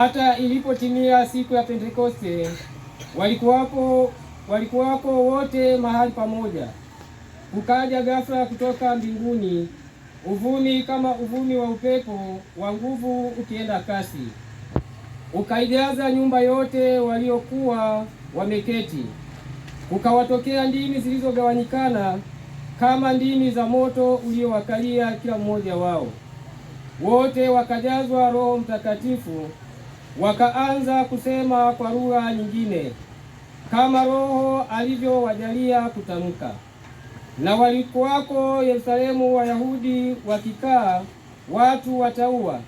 Hata ilipotimia siku ya Pentekoste, walikuwapo walikuwapo wote mahali pamoja. Kukaja ghafla kutoka mbinguni uvumi kama uvumi wa upepo wa nguvu ukienda kasi, ukaijaza nyumba yote waliokuwa wameketi. Kukawatokea ndimi zilizogawanyikana kama ndimi za moto uliowakalia kila mmoja wao. Wote wakajazwa Roho Mtakatifu wakaanza kusema kwa lugha nyingine kama Roho alivyowajalia kutamka. Na walikuwako Yerusalemu Wayahudi wakikaa watu wataua,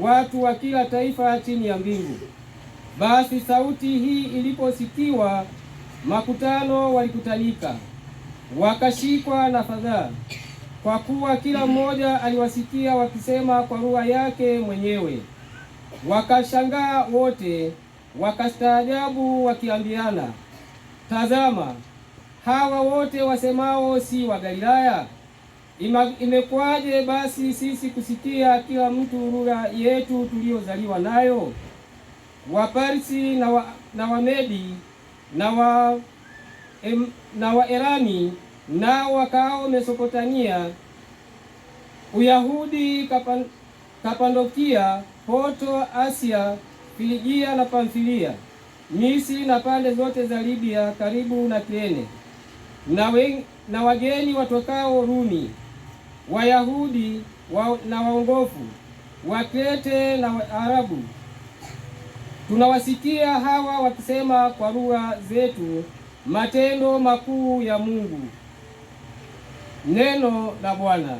watu wa kila taifa chini ya mbingu. Basi sauti hii iliposikiwa, makutano walikutanika, wakashikwa na fadhaa, kwa kuwa kila mmoja aliwasikia wakisema kwa lugha yake mwenyewe. Wakashangaa wote wakastaajabu, wakiambiana, tazama, hawa wote wasemao si wa Galilaya? Imekuwaje basi sisi kusikia kila mtu lugha yetu tuliyozaliwa nayo? Waparsi na, wa, na Wamedi na wa em, na Waerani nao wakao Mesopotamia, Uyahudi kapan Kapadokia, poto Asia, Filigia na Pamfilia, Misri na pande zote za Libya karibu na Kirene, na, na wageni watokao Rumi, Wayahudi wa, na waongofu, Wakrete na Waarabu. Tunawasikia hawa wakisema kwa lugha zetu matendo makuu ya Mungu. Neno la Bwana.